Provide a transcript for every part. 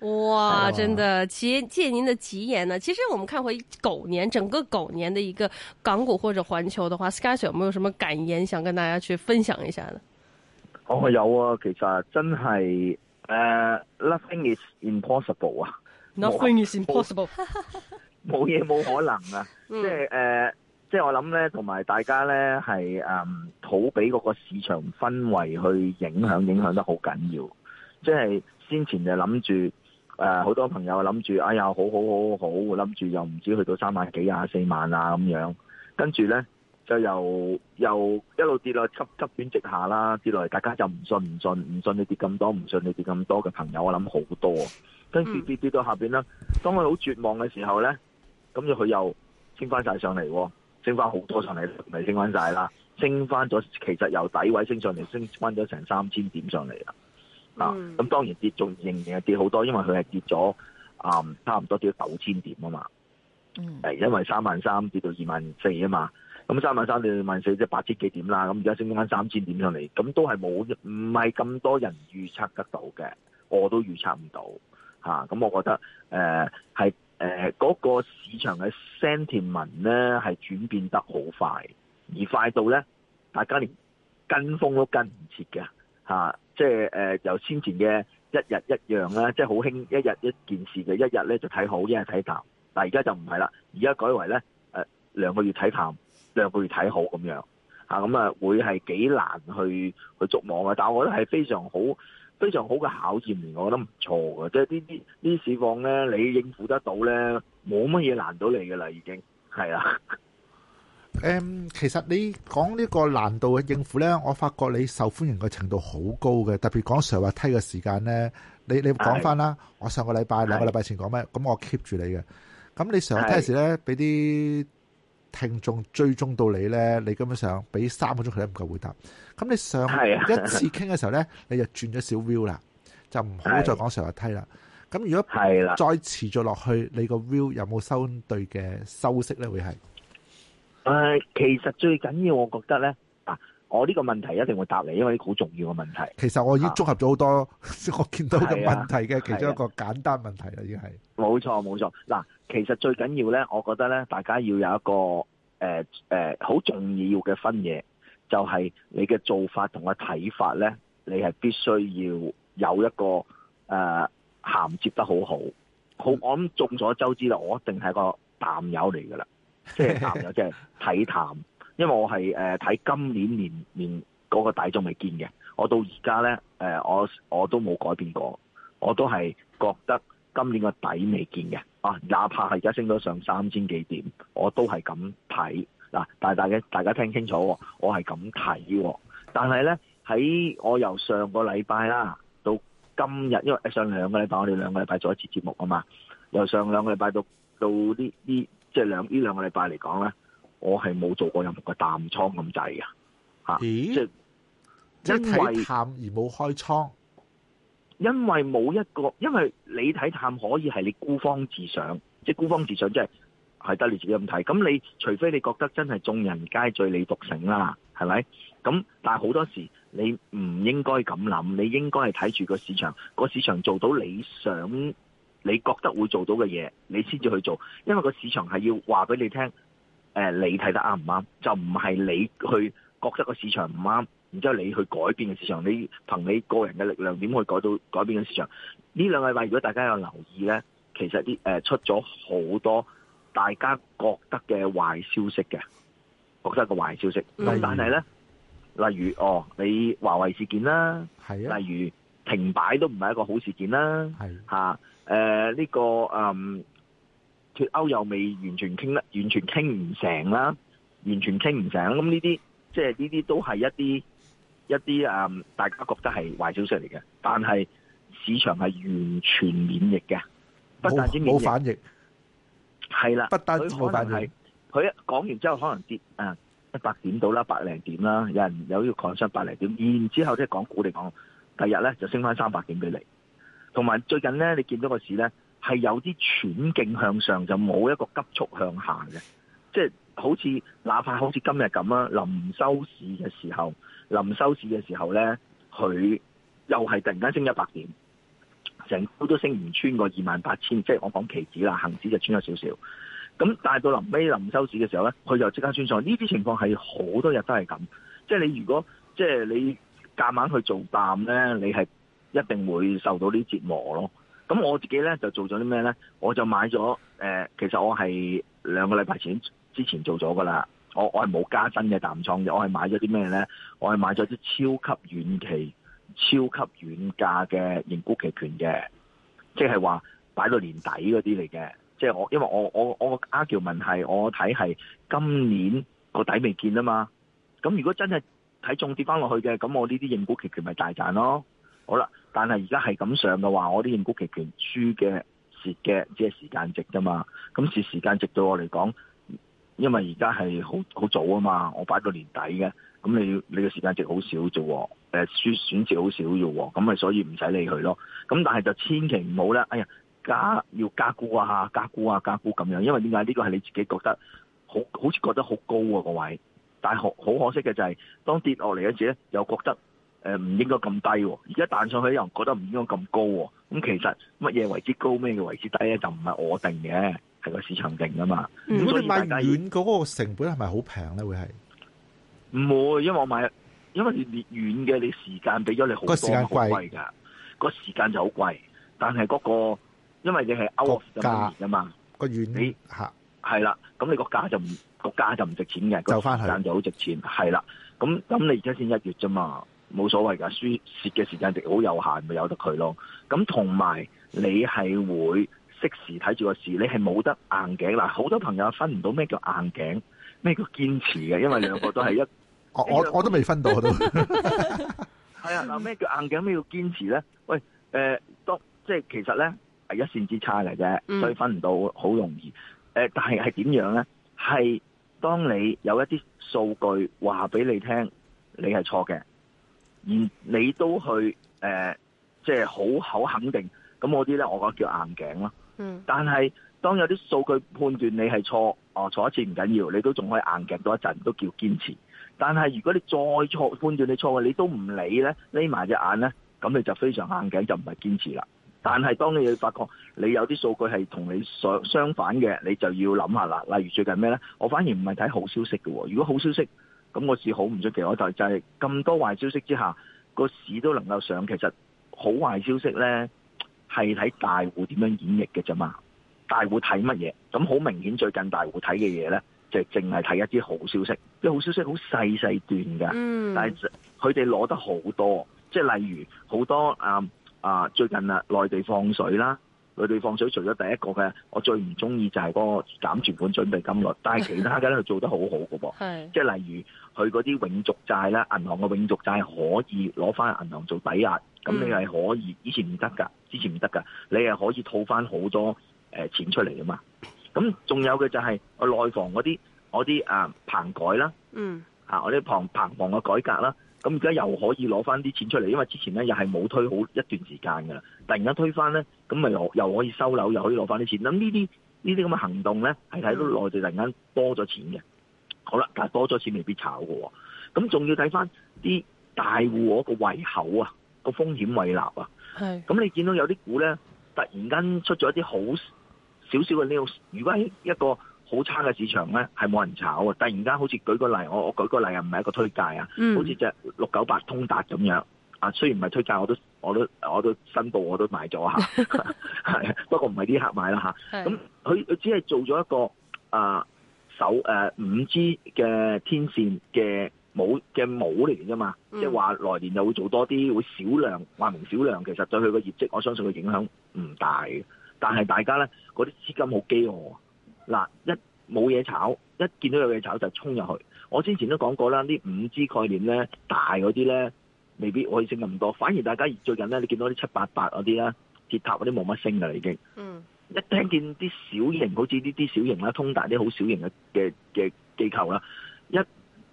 哇，真的借借您的吉言呢！其實我們看回狗年，整個狗年的一個港股或者環球的話 Scott 有沒有什麼感言想跟大家去分享一下呢？我、哦、有啊，其實真係誒、呃、nothing is impossible 啊，nothing is impossible，冇嘢冇可能啊！ 即係誒、呃，即係我諗咧，同埋大家咧係誒，好俾嗰個市場氛圍去影響影響得好緊要，即係先前就諗住。誒、呃，好多朋友諗住，哎呀，好好好好，諗住又唔知去到三萬幾啊、四萬啊咁樣，跟住咧就又又一路跌落急急轉直下啦，跌落嚟大家就唔信唔信唔信你跌咁多，唔信你跌咁多嘅朋友，我諗好多，跟住跌跌到下邊啦。當佢好絕望嘅時候咧，咁佢又升翻晒上嚟，升翻好多上嚟，未升翻晒啦，升翻咗其實由底位升上嚟，升翻咗成三千點上嚟啦。嗱、嗯，咁當然跌仲仍然係跌好多，因為佢係跌咗啊、嗯，差唔多跌到九千點啊嘛，係、嗯、因為三萬三跌到二萬四啊嘛，咁三萬三至二萬四即係八千幾點啦，咁而家升翻三千點上嚟，咁都係冇唔係咁多人預測得到嘅，我都預測唔到嚇。咁、啊、我覺得誒係誒嗰個市場嘅 sentiment 咧係轉變得好快，而快到咧大家連跟風都跟唔切嘅嚇。啊即係誒，由先前嘅一日一樣啦，即係好興一日一件事嘅，一日咧就睇好，一日睇淡。但係而家就唔係啦，而家改為咧，誒兩個月睇淡，兩個月睇好咁樣嚇，咁啊會係幾難去去捉摸嘅。但係我覺得係非常好，非常好嘅考驗嚟，我覺得唔錯嘅。即係呢啲呢市況咧，你應付得到咧，冇乜嘢難到你嘅啦，已經係啦。誒、嗯，其實你講呢個難度嘅應付呢，我發覺你受歡迎嘅程度好高嘅，特別講上滑梯嘅時間呢，你你講翻啦。我上個禮拜兩個禮拜前講咩？咁我 keep 住你嘅。咁你上滑梯時呢，俾啲聽眾追蹤到你呢，你根本上，俾三個鐘佢都唔夠回答。咁你上一次傾嘅時候呢， 你就轉咗小 view 啦，就唔好再講上滑梯啦。咁如果再持續落去，你個 view 有冇相對嘅收息呢？會係？誒，其實最緊要我覺得咧，嗱、啊，我呢個問題一定會答你，因為啲好重要嘅問題。其實我已經綜合咗好多、啊、我見到嘅問題嘅其中一個簡單問題啦、啊啊啊，已經係冇錯冇錯。嗱、啊，其實最緊要咧，我覺得咧，大家要有一個誒誒好重要嘅分野，就係、是、你嘅做法同個睇法咧，你係必須要有一個誒銜、呃、接得好好。好，我諗眾所周知啦，我一定係個淡友嚟噶啦。 即係談，又即係睇淡。因為我係睇今年年年嗰個底仲未見嘅，我到而家咧，我我都冇改變過，我都係覺得今年個底未見嘅啊，哪怕係而家升咗上三千幾點，我都係咁睇嗱，但大家大家聽清楚，我係咁睇，但係咧，喺我由上個禮拜啦到今日，因為上兩個禮拜我哋兩個禮拜做一次節目啊嘛，由上兩個禮拜到到呢呢。即係兩呢兩個禮拜嚟講咧，我係冇做過任何嘅淡倉咁滯嘅，吓，即係因為淡而冇開倉，因為冇一個，因為你睇淡可以係你孤芳自賞，即係孤芳自賞，即係係得你自己咁睇，咁你除非你覺得真係眾人皆醉你獨醒啦，係咪？咁但係好多時你唔應該咁諗，你應該係睇住個市場，個市場做到你想。你覺得會做到嘅嘢，你先至去做，因為個市場係要話俾你聽，誒、呃，你睇得啱唔啱？就唔係你去覺得個市場唔啱，然之後你去改變嘅市場，你憑你個人嘅力量點去改到改變嘅市場？呢兩個禮拜，如果大家有留意呢，其實啲出咗好多大家覺得嘅壞消息嘅，覺得個壞消息。但係呢，例如哦，你華為事件啦，例如停擺都唔係一個好事件啦，誒、呃，呢、這個誒脫歐又未完全傾得，完全傾唔成啦，完全傾唔成。咁呢啲即係呢啲都係一啲一啲誒、嗯，大家覺得係壞消息嚟嘅。但係市場係完全免疫嘅，不但止免疫係啦，不但冇反應。佢講完之後可能跌誒一百點到啦，百零點啦，有人有要抗雙百零點，然之後即係港股嚟講，第日咧就升翻三百點俾你。同埋最近咧，你見到個市咧係有啲喘勁向上，就冇一個急速向下嘅，即係好似哪怕好似今日咁啦，臨收市嘅時候，臨收市嘅時候咧，佢又係突然間升一百點，成股都升唔穿過二萬八千，即係我講期指啦，恆指就穿咗少少。咁但係到臨尾臨收市嘅時候咧，佢又即刻穿上去。呢啲情況係好多日都係咁，即係你如果即係你夾硬去做淡咧，你係。一定會受到啲折磨咯。咁我自己咧就做咗啲咩咧？我就買咗誒、呃，其實我係兩個禮拜前之前做咗噶啦。我我係冇加薪嘅淡倉嘅，我係買咗啲咩咧？我係買咗啲超級遠期、超級遠價嘅認股期權嘅，即係話擺到年底嗰啲嚟嘅。即係我因為我我我 argument 係我睇係今年個底未見啊嘛。咁如果真係睇重跌翻落去嘅，咁我呢啲認股期權咪大賺咯。好啦，但係而家係咁上嘅話，我啲認沽期權輸嘅，蝕嘅，即係時間值噶嘛。咁蝕時間值對我嚟講，因為而家係好好早啊嘛，我擺到年底嘅，咁你要你嘅時間值好少啫，誒，輸損失好少啫，咁咪所以唔使理佢咯。咁但係就千祈唔好啦，哎呀，加要加沽啊，加沽啊，加沽咁，啊，樣，因為點解呢個係你自己覺得好，好似覺得好高啊個位，但係好好可惜嘅就係，是，當跌落嚟嗰時咧，又覺得。誒、喔，唔應該咁低，而家彈上去有人覺得唔應該咁高，喔。咁其實乜嘢為之高，咩嘅為之低咧，就唔係我定嘅，係個市場定啊嘛。咁你買遠嗰個成本係咪好平咧？會係唔會？因為我買，因為你遠嘅，你時間俾咗你好時間貴噶，個時間，那個，就好貴。但係嗰，那個，因為你係 out of the money 啊嘛，個原理，吓係啦。咁你個價就唔，個價就唔值錢嘅，就去個時間就好值錢。係啦，咁咁你現在而家先一月啫嘛。冇所謂噶，輸蝕嘅時間值好有限，咪由得佢咯。咁同埋你係會適時睇住個市，你係冇得硬頸嗱。好多朋友分唔到咩叫硬頸，咩叫堅持嘅，因為兩個都係一，我我，我都未分到都。係 啊，嗱，咩叫硬頸？咩叫堅持咧？喂，誒、呃，當即係其實咧係一線之差嚟嘅，所以分唔到，好容易。誒、嗯，但係係點樣咧？係當你有一啲數據話俾你聽，你係錯嘅。而你都去誒，即係好好肯定咁，嗰啲咧，我覺得叫硬頸咯。嗯。但係當有啲數據判斷你係錯，哦錯一次唔緊要，你都仲可以硬頸多一陣，都叫堅持。但係如果你再錯判斷你錯嘅，你都唔理咧，匿埋隻眼咧，咁你就非常硬頸，就唔係堅持啦。但係當你發覺你有啲數據係同你相相反嘅，你就要諗下啦。例如最近咩咧，我反而唔係睇好消息嘅。如果好消息。咁個市好唔出奇，我就就係咁多壞消息之下，個市都能夠上，其實好壞消息咧係睇大戶點樣演繹嘅啫嘛。大戶睇乜嘢？咁好明顯，最近大戶睇嘅嘢咧就淨係睇一啲好消息，啲好消息好細細段嘅，mm. 但係佢哋攞得好多。即係例如好多啊啊，最近啊，內地放水啦。佢哋放水除咗第一個嘅，我最唔中意就係嗰個減存款準備金率，但係其他嘅咧佢做得好好嘅噃，即係例如佢嗰啲永續債呢，銀行嘅永續債可以攞翻銀行做抵押，咁你係可以，嗯、以前唔得噶，之前唔得噶，你係可以套翻好多、呃、錢出嚟噶嘛。咁仲有嘅就係、係、內房嗰啲，我啲啊棚改啦，我啲旁棚房嘅改革啦。咁而家又可以攞翻啲錢出嚟，因為之前咧又係冇推好一段時間嘅，突然間推翻咧，咁咪又又可以收樓，又可以攞翻啲錢。咁呢啲呢啲咁嘅行動咧，係睇到內地突然間多咗錢嘅、嗯。好啦，但係多咗錢未必炒嘅。咁仲要睇翻啲大戶個胃口啊，個風險胃納啊。咁你見到有啲股咧，突然間出咗一啲好少少嘅 news 如果係一個，好差嘅市場咧，係冇人炒啊！突然間好似舉個例，我我舉個例啊，唔係一個推介啊、嗯，好似隻六九八通達咁樣啊，雖然唔係推介，我都我都我都申報，我都，我都，我都買咗下。 不過唔係啲客買啦吓，咁佢佢只係做咗一個啊、呃、手誒五 G 嘅天線嘅冇嘅模嚟嘅啫嘛，即係話來年就會做多啲，會少量話明少量，其實對佢嘅業績，我相信佢影響唔大嘅，但係大家咧，嗰啲資金好飢餓。嗱，一冇嘢炒，一見到有嘢炒就衝入去。我之前都講過啦，呢五 G 概念咧，大嗰啲咧未必可以升咁多，反而大家最近咧，你見到啲七八八嗰啲啦，鐵塔嗰啲冇乜升啦，已經。嗯。一聽見啲小型，好似呢啲小型啦，通達啲好小型嘅嘅嘅機構啦，一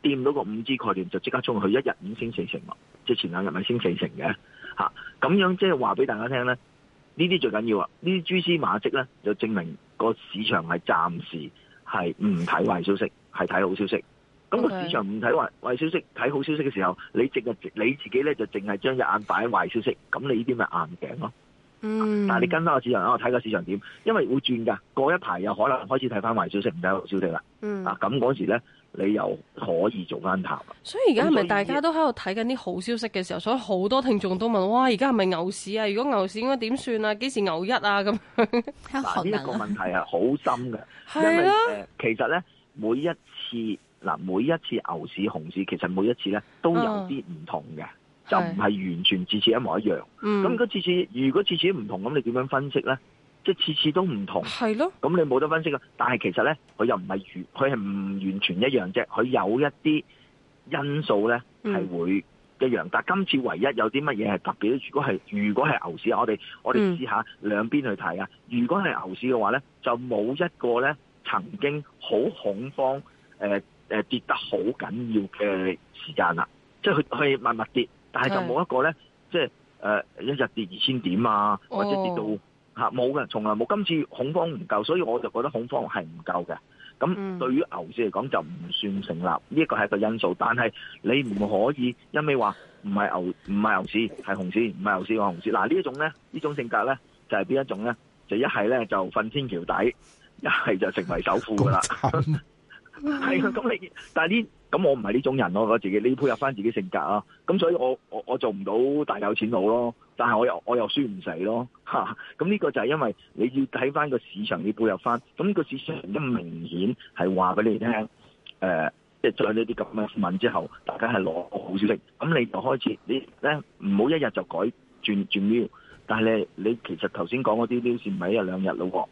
掂到個五 G 概念就即刻衝入去，一日五升四成即係前兩日咪升四成嘅吓。咁樣即係話俾大家聽咧。呢啲最緊要啊！呢啲蛛絲馬跡咧，就證明個市場係暫時係唔睇壞消息，係睇好消息。咁個市場唔睇壞消息，睇、okay，好消息嘅時候，你自你自己咧就淨係將隻眼擺喺壞消息，咁你呢邊咪硬頸咯。嗯、mm.。但你跟翻個市場，我睇個市場點，因為會轉㗎。過一排有可能開始睇翻壞消息，唔睇好消息啦。嗯、mm.。啊，咁嗰時咧。你又可以做間談，所以而家係咪大家都喺度睇緊啲好消息嘅時候？所以好多聽眾都問：哇，而家係咪牛市啊？如果牛市應該點算啊？幾時牛一啊？咁呢個個問題係好深嘅、 啊，因為、呃、其實咧每一次嗱，每一次牛市熊市，其實每一次咧都有啲唔同嘅、啊，就唔係完全次次一模一樣。咁次次如果次次唔同，咁你點樣分析咧？即係次次都唔同，係咯。咁你冇得分析㗎。但係其實咧，佢又唔係完，佢係唔完全一樣啫。佢有一啲因素咧係會一樣。嗯、但係今次唯一有啲乜嘢係特別？如果係如果係牛市，我哋我哋試下兩邊去睇啊、嗯。如果係牛市嘅話咧，就冇一個咧曾經好恐慌，誒、呃、誒跌得好緊要嘅時間啦。即係佢係密密跌，但係就冇一個咧，即係誒、呃、一日跌二千點啊，或者跌到。哦吓冇嘅，從來冇。今次恐慌唔夠，所以我就覺得恐慌係唔夠嘅。咁對於牛市嚟講就唔算成立，呢一個係一個因素。但係你唔可以一味話唔係牛，唔係牛市係熊市，唔係牛市係熊市。嗱呢一種咧，呢種性格咧就係邊一種咧？就一係咧就瞓天橋底，一係就成為首富噶啦。係啊，咁 你但係呢？咁我唔係呢種人咯，我自己你要配合翻自己性格啊。咁所以我我我做唔到大有錢佬咯。但係我又我又輸唔死咯，咁、啊、呢個就係因為你要睇翻個市場要步入翻，咁呢個市場一明顯係話俾你聽，誒、呃，即、就、係、是、在呢啲咁嘅問之後，大家係攞好消息，咁你就開始你咧唔好一日就改轉轉瞄，但係你你其實頭先講嗰啲 news 唔係一日兩日咯，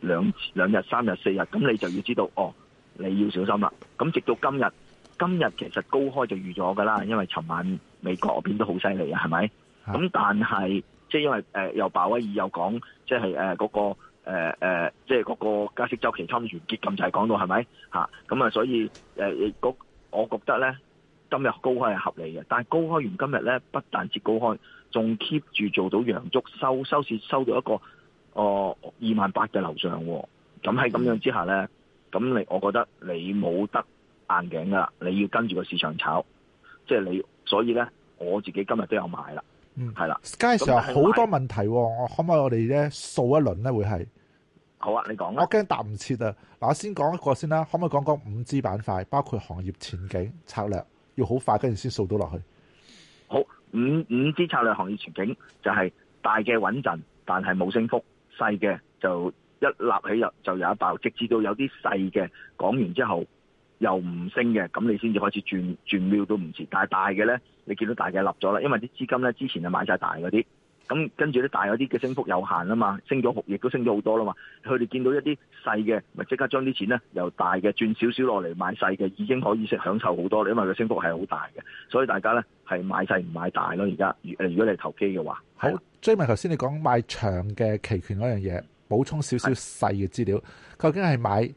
兩兩日三日四日，咁你就要知道哦，你要小心啦。咁直到今日，今日其實高開就預咗㗎啦，因為尋晚美國嗰邊都好犀利啊，係咪？咁但係，即係因為誒，又、呃、鮑威爾又講，即係誒嗰個誒誒，即係嗰個加息周期差唔多完結咁，就係講到係咪吓？咁啊，所以誒、呃，我覺得咧，今日高開係合理嘅，但係高開完今日咧，不但止高開，仲 keep 住做到陽燭收收市收到一個哦二萬八嘅樓上。咁喺咁樣之下咧，咁你我覺得你冇得硬頸噶，你要跟住個市場炒，即、就、係、是、你，所以咧，我自己今日都有買啦。嗯，係啦。街時候好多問題，我可唔可以我哋咧掃一輪咧？會係好啊，你講啦。我驚答唔切啊。嗱，我先講一個先啦。可唔可以講講五 G 板塊，包括行業前景、策略，要好快跟住先掃到落去。好，五五 G 策略、行業前景就係大嘅穩陣，但係冇升幅；細嘅就一立起入就有一爆，直至到有啲細嘅講完之後。又唔升嘅，咁你先至開始轉轉秒都唔遲。但係大嘅咧，你見到大嘅立咗啦，因為啲資金咧之前係買晒大嗰啲。咁跟住啲大嗰啲嘅升幅有限啊嘛，升咗好，亦都升咗好多啦嘛。佢哋見到一啲細嘅，咪即刻將啲錢咧由大嘅轉少少落嚟買細嘅，已經可以食享受好多啦。因為佢升幅係好大嘅，所以大家咧係買細唔買大咯。而家如如果你係投機嘅話，好。好追埋頭先你講買長嘅期權嗰樣嘢，補充少少細嘅資料，究竟係買？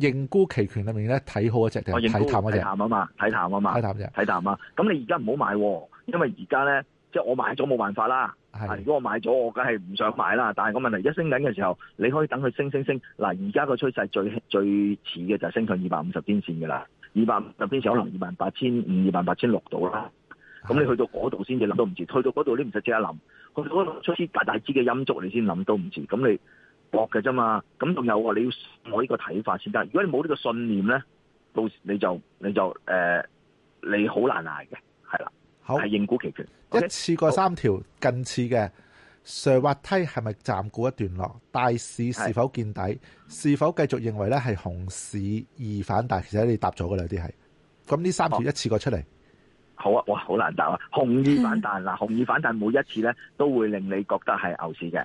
認沽期權裏面咧睇好一隻嘅，睇淡一隻。睇、啊、淡啊嘛，睇淡啊嘛，睇淡隻，睇淡啊嘛。咁、啊、你而家唔好買、啊，因為而家咧，即、就、係、是、我買咗冇辦法啦。係，如果我買咗，我梗係唔想買啦。但係個問題，一升緊嘅時候，你可以等佢升升升。嗱、啊，而家個趨勢最最似嘅就係升上二百五十天線嘅啦。二百五十天線可能二萬八千五、二萬八千六度啦。咁你去到嗰度先至諗都唔遲，去到嗰度你唔使即刻諗，去到嗰度出啲大大支嘅陰燭你先諗都唔遲。咁你。嘅啫嘛，咁仲有喎，你要我呢個睇法先得。如果你冇呢個信念咧，到時你就你就誒、呃，你好難捱嘅，係啦。好，係認股期權，一次過三條，近次嘅上滑梯係咪暫告一段落？大市是否見底？是，是否繼續認為咧係熊市二反彈？其實你答咗㗎啦，有啲係。咁呢三條一次過出嚟，好啊，哇，好難答啊！熊二反彈嗱、嗯，熊二反彈每一次咧都會令你覺得係牛市嘅。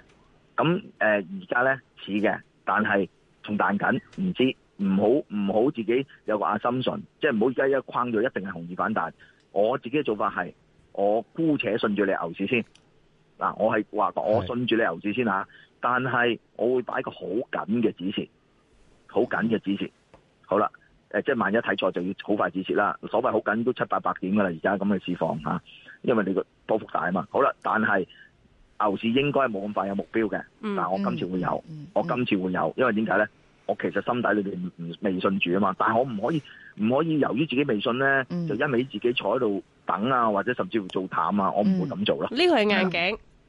咁誒而家咧似嘅，但係仲彈緊，唔知唔好唔好自己有個 assumption，即係唔好而家一框咗一定係熊二反彈。我自己嘅做法係，我姑且信住你牛市先。嗱、啊，我係話我信住你牛市先嚇、啊，但係我會擺個好緊嘅止，止蝕，好緊嘅止蝕。好、呃、啦，即係萬一睇錯就要好快止蝕啦。所謂好緊都七八百點㗎啦，而家咁嘅市況嚇，因為你個波幅大啊嘛。好啦，但係。牛市應該冇咁快有目標嘅，但係我今次會有，嗯、我今次會有，嗯、因為點解咧？我其實心底裏邊唔未信住啊嘛，但係我唔可以唔可以由於自己未信咧、嗯，就一味自己坐喺度等啊，或者甚至乎做淡啊，我唔會咁做啦。呢個係硬頸。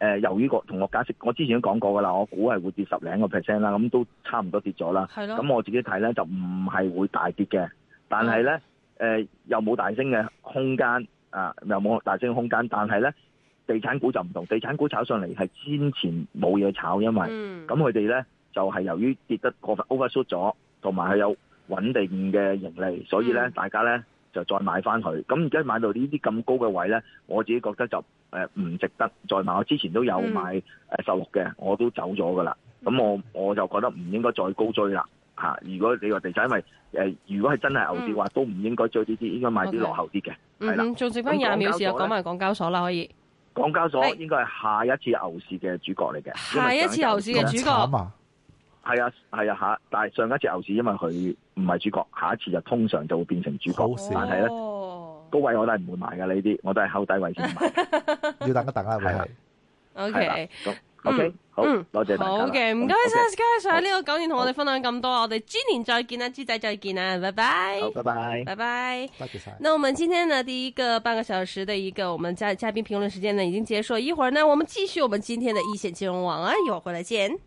誒，由於個同學解釋，我之前都講過噶啦，我估係會跌十零個 percent 啦，咁都差唔多跌咗啦。咁我自己睇咧，就唔係會大跌嘅，但係咧，誒、嗯呃、又冇大升嘅空間，啊又冇大升嘅空間。但係咧，地產股就唔同，地產股炒上嚟係先前冇嘢炒，因為咁佢哋咧就係、是、由於跌得過分 overshoot 咗，同埋係有穩定嘅盈利，所以咧、嗯、大家咧就再買翻佢。咁而家買到這這呢啲咁高嘅位咧，我自己覺得就，誒、呃，唔值得再買。我之前都有買誒，十六嘅，我都走咗噶啦。咁我我就覺得唔應該再高追啦。吓、啊，如果你話地產，因為誒、呃，如果係真係牛市話，都唔應該追呢啲，應該買啲落後啲嘅。嗯，仲剩翻廿秒時間，講埋港交所啦，可以。港交所應該係下一次牛市嘅主角嚟嘅。下一次牛市嘅主角。係啊係啊吓，但係上一次牛市因為佢唔係主角，下一次就通常就會變成主角。好，但係咧。高位我都係唔會買噶呢啲，我都係後底位置買。 要大家等啊，係啊。OK、OK、okay, okay, um, 好，多謝大家好嘅，唔該晒，s c 唔該晒，呢、okay, 個九年同我哋分享咁多，okay, 我哋豬年再見啦、啊，豬仔再見啦、啊啊，拜拜。好，拜拜，拜拜。多謝晒。那我們今天的第一個半個小時的一個我們嘉嘉賓評論時間呢，已經結束，一會兒呢，我們繼續我們今天的一線金融晚安、啊，一會兒回來見。